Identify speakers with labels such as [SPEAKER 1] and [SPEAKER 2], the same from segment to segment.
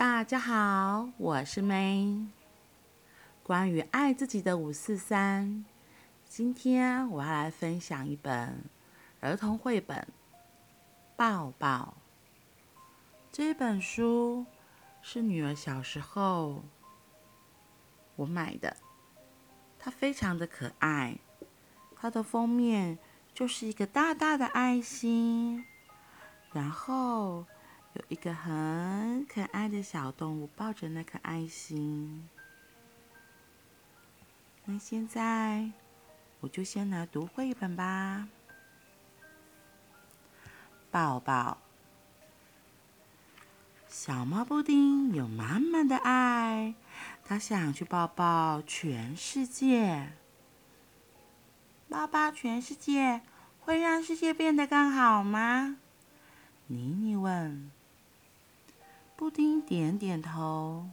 [SPEAKER 1] 大家好，我是 May。關於愛自己的543，今天我要來分享一本兒童繪本《抱抱》。這本書是女兒小時候我買的，它非常的可愛。它的封面就是一個大大的愛心，然後，有一個很可愛的小動物抱着那顆愛心。那現在我就先來讀繪本吧。抱抱，小貓布丁有媽媽的愛，它想去抱抱全世界。抱抱全世界會讓世界變得更好嗎？妮妮問。布丁點點頭，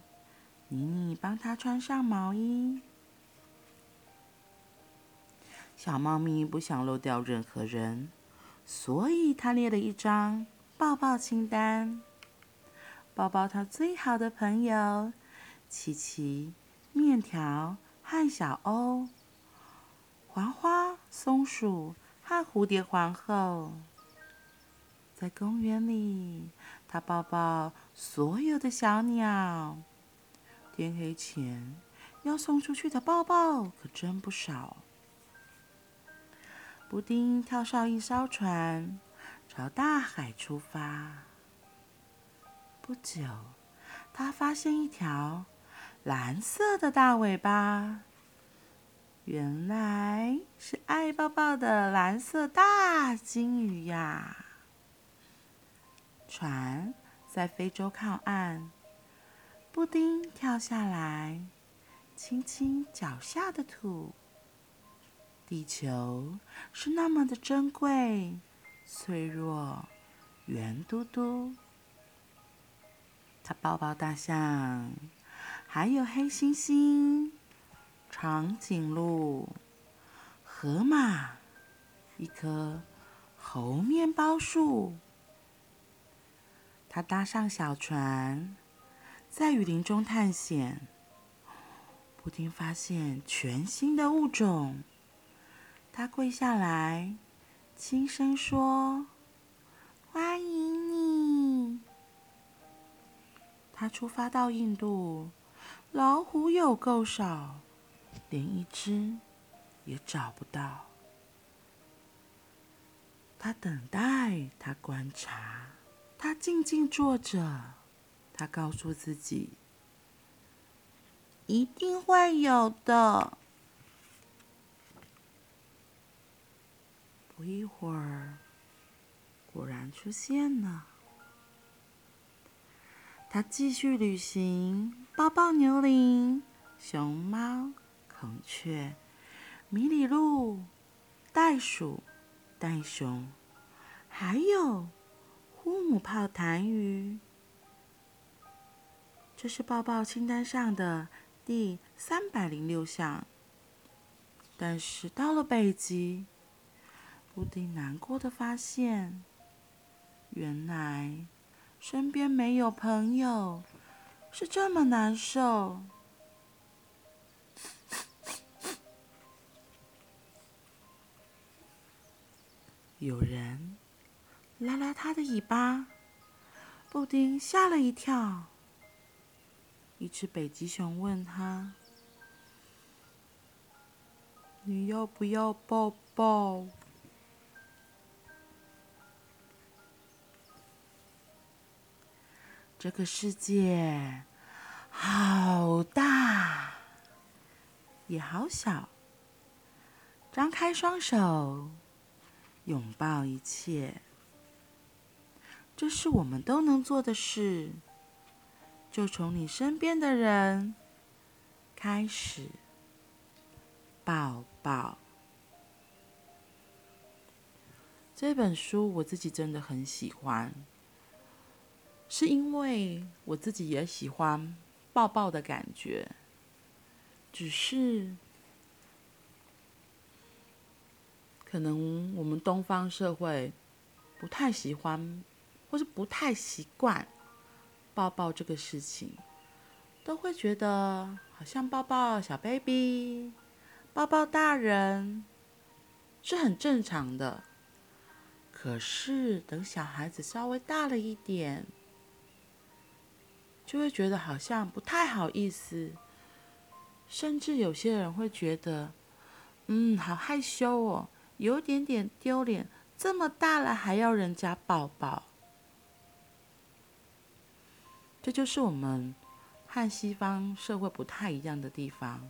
[SPEAKER 1] 妮妮幫他穿上毛衣。小貓咪不想漏掉任何人，所以他列了一張抱抱清單，抱抱他最好的朋友：琪琪、麵條和小歐、黃花松鼠和蝴蝶皇後，在公園裡。他抱抱所有的小鳥，天黑前要送出去的抱抱可真不少。布丁跳上一艘船，朝大海出發。不久，他發現一條藍色的大尾巴，原來是愛抱抱的藍色大鯨魚呀。船在非洲靠岸，布丁跳下來，親親腳下的土。地球是那麼的珍貴、脆弱、圓嘟嘟。他抱抱大象，還有黑猩猩、長頸鹿、河馬，一棵猴麵包樹。他搭上小船，在雨林中探險，不禁發現全新的物種。他跪下來，輕聲說：“歡迎你。”他出發到印度，老虎有夠少，連一隻也找不到。他等待，他觀察。他靜靜坐着，他告訴自己：“一定會有的。”不一會兒，果然出現了。他繼續旅行，抱抱牛羚、熊貓、孔雀、麋鹿、袋鼠、袋熊，還有……泡壇魚，這是抱抱清單上的第三百零六項。但是到了北極，布丁難過的發現，原來身邊沒有朋友是這麼難受。有人拉拉他的尾巴，布丁嚇了一跳。一隻北極熊問他：“你要不要抱抱？”這個世界好大，也好小。張開雙手，擁抱一切。這是我們都能做的事，就從你身邊的人開始抱抱。這本書我自己真的很喜歡，是因為我自己也喜歡抱抱的感覺。只是，可能我們東方社會不太喜歡。或是不太習慣抱抱這個事情，都會覺得好像抱抱小 baby、抱抱大人是很正常的。可是等小孩子稍微大了一點，就會覺得好像不太好意思，甚至有些人會覺得，嗯，好害羞哦，有點點丟臉，這麼大了還要人家抱抱。這就是我們和西方社會不太一樣的地方。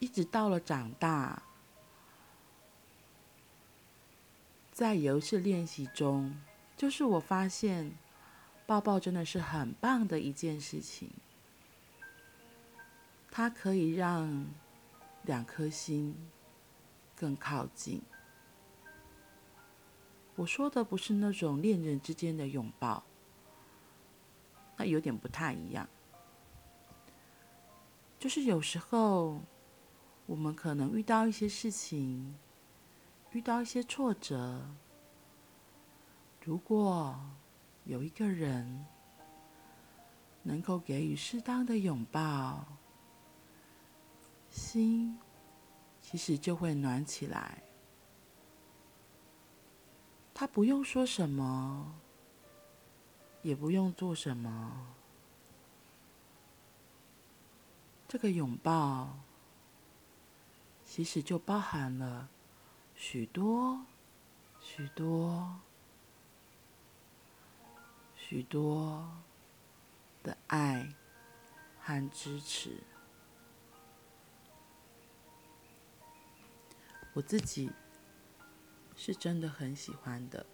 [SPEAKER 1] 一直到了長大，在遊戲練習中，就是我發現抱抱真的是很棒的一件事情，它可以讓兩顆心更靠近。我說的不是那種戀人之間的擁抱，那有點不太一樣。就是有時候我們可能遇到一些事情，遇到一些挫折，如果有一個人能夠給予適當的擁抱，心其實就會暖起來。他不用說什麼，也不用做什麼，這個擁抱其實就包含了許多、許多、許多的愛和支持。我自己。是真的很喜歡的，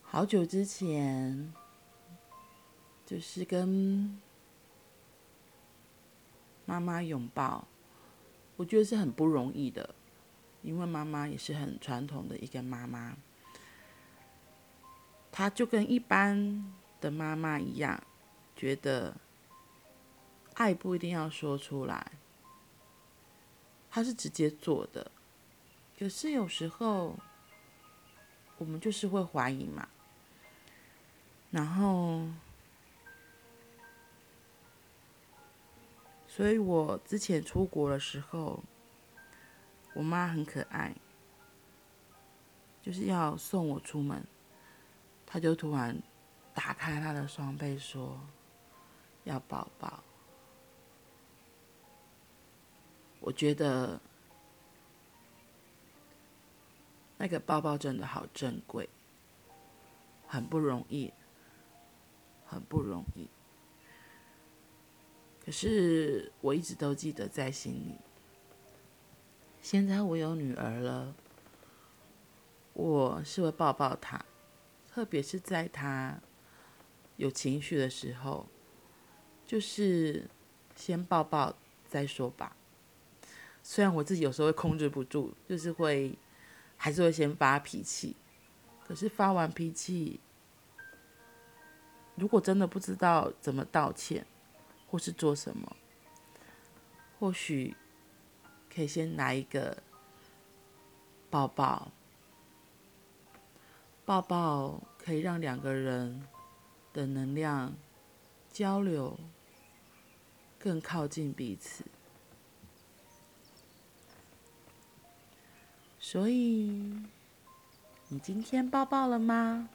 [SPEAKER 1] 好久之前，就是跟媽媽擁抱，我覺得是很不容易的，因為媽媽也是很傳統的一個媽媽，她就跟一般的媽媽一樣，覺得愛不一定要說出來。他是直接做的，可是有時候我們就是會懷疑嘛，然後，所以我之前出國的時候，我媽很可愛，就是要送我出門，她就突然打開她的雙臂說要抱抱。我覺得那個抱抱真的好珍貴，很不容易，很不容易。可是我一直都記得在心裡。現在我有女兒了，我是會抱抱她，特別是在她有情緒的時候，就是先抱抱再說吧。雖然我自己有時候會控制不住，就是會，還是會先發脾氣。可是發完脾氣，如果真的不知道怎麼道歉，或是做什麼，或許可以先拿一個抱抱。抱抱可以讓兩個人的能量交流更靠近彼此。所以，你今天抱抱了嗎？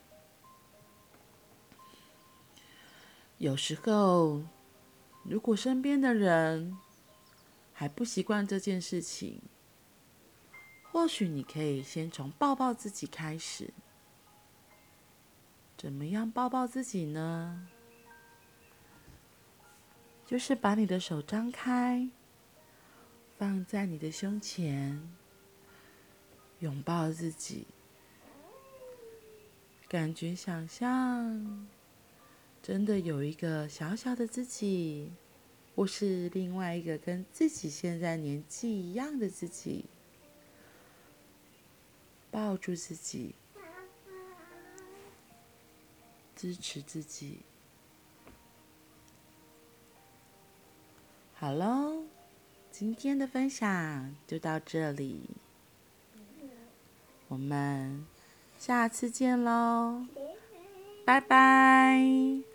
[SPEAKER 1] 有時候，如果身邊的人還不習慣這件事情，或許你可以先從抱抱自己開始。怎麼樣抱抱自己呢？就是把你的手張開，放在你的胸前。擁抱自己，感覺想象真的有一個小小的自己，或是另外一個跟自己現在年紀一樣的自己，抱住自己，支持自己。好嘍，今天的分享就到這裡。我們下次見嘍，拜拜。